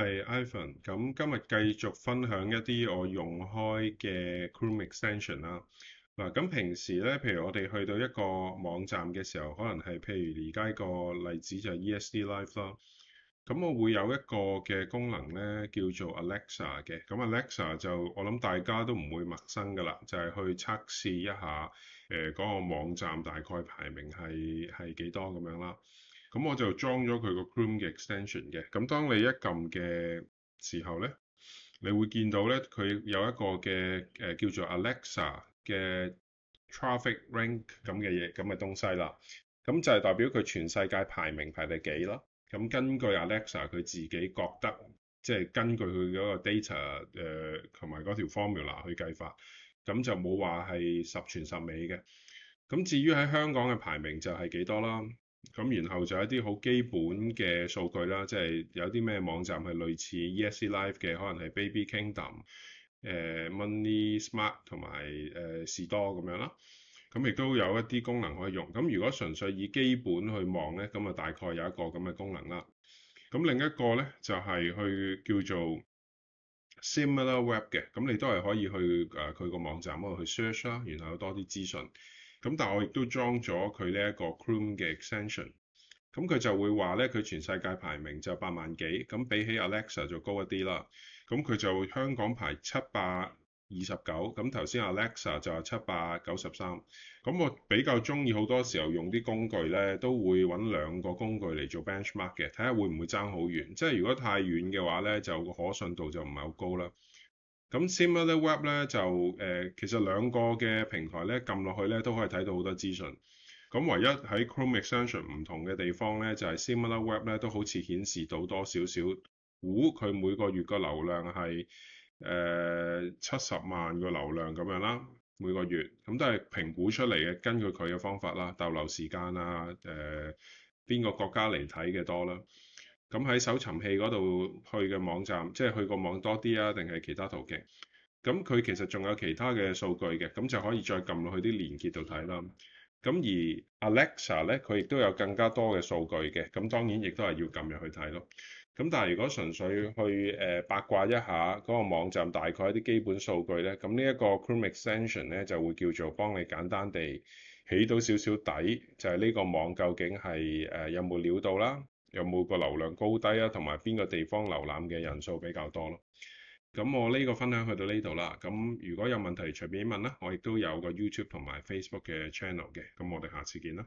係 Ivan 咁，hey, 今日繼續分享一啲我用開嘅 Chrome Extension 啦。嗱，咁平時咧，譬如我哋去到一個網站嘅時候，可能係譬如而家一個例子就係 ESD Life 咯。咁我會有一個嘅功能咧，叫做 Alexa 嘅。咁 Alexa 就我諗大家都唔會陌生㗎啦，就係、是、去測試一下誒嗰、呃那個網站大概排名係係幾多咁樣啦。咁我就裝咗佢個 Chrome 嘅 extension 嘅。咁當你一撳嘅時候咧，你會見到咧，佢有一個嘅誒、呃、叫做 Alexa 嘅 traffic rank 咁嘅嘢，咁嘅東西啦。咁就係代表佢全世界排名排第幾啦。咁根據 Alexa 佢自己覺得，即係根據佢嗰個 data 誒、呃、同埋嗰條 formula 去計法，咁就冇話係十全十美嘅。咁至於喺香港嘅排名就係幾多啦？咁然後就有一啲好基本嘅數據啦，即係有啲咩網站係類似 ESC Live 嘅，可能係 Baby Kingdom、呃、誒 Money Smart 同埋誒士多咁樣啦。咁亦都有一啲功能可以用。咁如果純粹以基本去望咧，咁啊大概有一個咁嘅功能啦。咁另一個咧就係、是、去叫做 Similar Web 嘅，咁你都係可以去誒佢個網站嗰度去 search 啦，然後有多啲資訊。咁但係我亦都裝咗佢呢一個 Chrome 嘅 extension，咁佢就會話咧，佢全世界排名就八萬幾，咁比起 Alexa 就高一啲啦。咁佢就香港排七百二十九，咁頭先 Alexa 就係七百九十三。咁我比較鍾意好多時候用啲工具咧，都會揾兩個工具嚟做 benchmark 嘅，睇下會唔會爭好遠。即係如果太遠嘅話咧，就個可信度就唔係好高啦。咁 SimilarWeb 咧就誒、呃，其實兩個嘅平台咧，撳落去咧都可以睇到好多資訊。咁唯一喺 Chrome Extension 唔同嘅地方咧，就係、是、SimilarWeb 咧都好似顯示到多少少估佢、哦、每個月個流量係誒七十萬個流量咁樣啦，每個月咁都係評估出嚟嘅，根據佢嘅方法啦，逗留時間啊，誒、呃、邊個國家嚟睇嘅多啦。咁喺、嗯、搜尋器嗰度去嘅網站，即係去個網多啲啊，定係其他途徑？咁、嗯、佢其實仲有其他嘅數據嘅，咁、嗯、就可以再撳落去啲連結度睇啦。咁、嗯、而 Alexa 咧，佢亦都有更加多嘅數據嘅，咁、嗯、當然亦都係要撳入去睇咯。咁、嗯、但係如果純粹去誒、呃、八卦一下嗰、那個網站大概一啲基本數據咧，咁、嗯這個、呢一個 Chrome Extension 咧就會叫做幫你簡單地起到少少底，就係、是、呢個網究竟係誒、呃、有冇料到啦。有冇個流量高低啊，同埋邊個地方瀏覽嘅人數比較多咯？咁我呢個分享去到呢度啦。咁如果有問題隨便問啦，我亦都有個 YouTube 同埋 Facebook 嘅 channel 嘅。咁我哋下次見啦。